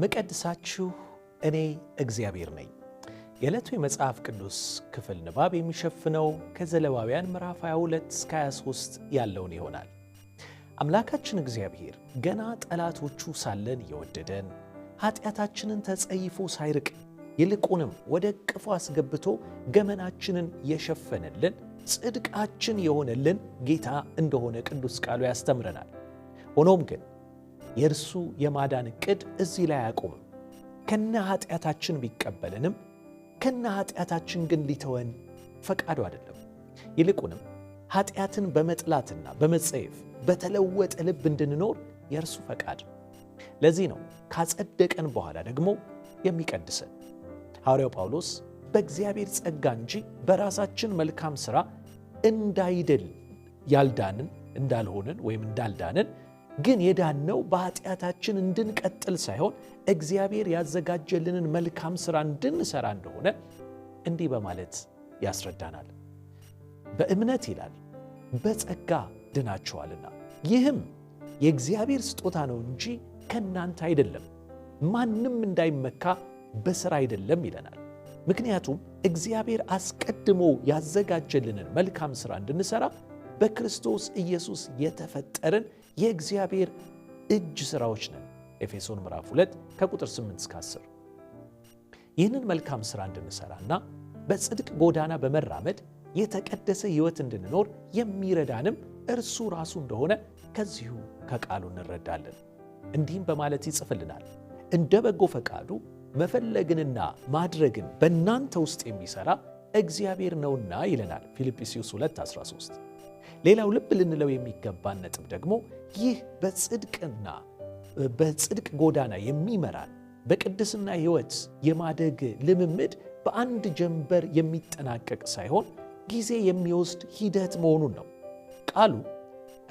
ምቀድሳችሁ እኔ እግዚአብሔር ነኝ። የዕለቱ የመጽሐፍ ቅዱስ ክፍል ንባብ የሚሸፍነው ከዘሌዋውያን ምዕራፍ 22 እስከ 23 ያለውን ይሆናል። አምላካችን እግዚአብሔር ገና ጠላቶቹ ሳለን የወደደን ኃጢአታችንን ተጸይፎ ሳይርቅ ይልቁንም ወደ ቅፉ አስገብቶ ገመናችንን የሸፈነልን ጽድቃችን የሆነልን ጌታ እንደሆነ ቅዱስ ቃሉ ያስተምረናል። ሆኖም ግን የእርሱ የማዳን ቅድ እዚህ ላይ አያቆምም። ከነ ኃጢአታችን ቢቀበልንም ከነ ኃጢአታችን ግን ሊተወን ፈቃዱ አይደለም። ይልቁንም ኃጢአትን በመጥላትና በመጸየፍ በተለወጠ ልብ እንድንኖር የእርሱ ፈቃድ። ለዚህ ነው ካጸደቀን በኋላ ደግሞ የሚቀድሰን። ሐዋርያው ጳውሎስ በእግዚአብሔር ጸጋ እንጂ በራሳችን መልካም ሥራ እንዳይደል ያልዳንን እንዳልሆንን ወይም እንዳልዳንን ግን የዳነው በኃጢአታችን እንድንቀጥል ሳይሆን እግዚአብሔር ያዘጋጀልንን መልካም ሥራ እንድንሠራ እንደሆነ እንዲህ በማለት ያስረዳናል። በእምነት ይላል በጸጋ ድናችኋልና፣ ይህም የእግዚአብሔር ስጦታ ነው እንጂ ከእናንተ አይደለም፣ ማንም እንዳይመካ በሥራ አይደለም ይለናል። ምክንያቱም እግዚአብሔር አስቀድሞ ያዘጋጀልንን መልካም ሥራ እንድንሠራ በክርስቶስ ኢየሱስ የተፈጠርን የእግዚአብሔር እጅ ሥራዎች ነን። ኤፌሶን ምዕራፍ 2 ከቁጥር 8 እስከ 10። ይህንን መልካም ሥራ እንድንሠራና በጽድቅ ጎዳና በመራመድ የተቀደሰ ሕይወት እንድንኖር የሚረዳንም እርሱ ራሱ እንደሆነ ከዚሁ ከቃሉ እንረዳለን። እንዲህም በማለት ይጽፍልናል እንደ በጎ ፈቃዱ መፈለግንና ማድረግን በእናንተ ውስጥ የሚሠራ እግዚአብሔር ነውና ይለናል ፊልጵስዩስ 2 13 ሌላው ልብ ልንለው የሚገባን ነጥብ ደግሞ ይህ በጽድቅና በጽድቅ ጎዳና የሚመራን በቅድስና ሕይወት የማደግ ልምምድ በአንድ ጀንበር የሚጠናቀቅ ሳይሆን ጊዜ የሚወስድ ሂደት መሆኑን ነው። ቃሉ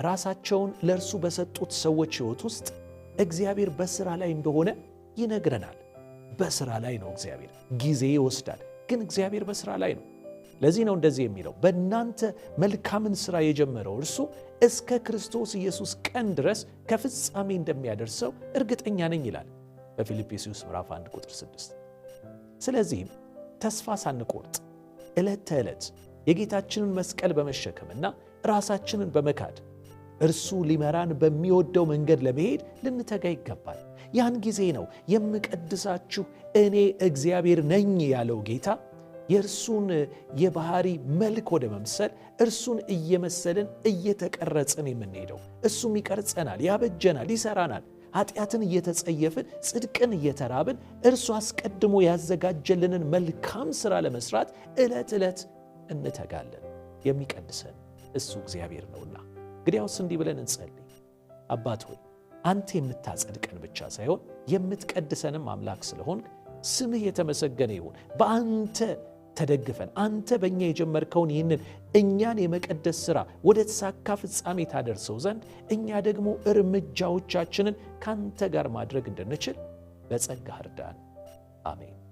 ራሳቸውን ለእርሱ በሰጡት ሰዎች ሕይወት ውስጥ እግዚአብሔር በሥራ ላይ እንደሆነ ይነግረናል። በሥራ ላይ ነው እግዚአብሔር። ጊዜ ይወስዳል፣ ግን እግዚአብሔር በሥራ ላይ ነው። ለዚህ ነው እንደዚህ የሚለው በእናንተ መልካምን ሥራ የጀመረው እርሱ እስከ ክርስቶስ ኢየሱስ ቀን ድረስ ከፍጻሜ እንደሚያደርሰው እርግጠኛ ነኝ ይላል በፊልጵስዩስ ምራፍ 1 ቁጥር 6። ስለዚህም ተስፋ ሳንቆርጥ ዕለት ተዕለት የጌታችንን መስቀል በመሸከምና ራሳችንን በመካድ እርሱ ሊመራን በሚወደው መንገድ ለመሄድ ልንተጋ ይገባል። ያን ጊዜ ነው የምቀድሳችሁ እኔ እግዚአብሔር ነኝ ያለው ጌታ የእርሱን የባህሪ መልክ ወደ መምሰል እርሱን እየመሰልን እየተቀረጽን የምንሄደው። እሱም ይቀርጸናል፣ ያበጀናል፣ ይሰራናል። ኃጢአትን እየተጸየፍን ጽድቅን እየተራብን እርሱ አስቀድሞ ያዘጋጀልንን መልካም ሥራ ለመሥራት ዕለት ዕለት እንተጋለን። የሚቀድሰን እሱ እግዚአብሔር ነውና። እንግዲያውስ እንዲህ ብለን እንጸልይ። አባት ሆይ አንተ የምታጸድቀን ብቻ ሳይሆን የምትቀድሰንም አምላክ ስለሆን ስምህ የተመሰገነ ይሁን። በአንተ ተደግፈን አንተ በእኛ የጀመርከውን ይህንን እኛን የመቀደስ ሥራ ወደ ተሳካ ፍጻሜ ታደርሰው ዘንድ እኛ ደግሞ እርምጃዎቻችንን ካንተ ጋር ማድረግ እንድንችል በጸጋ እርዳን። አሜን።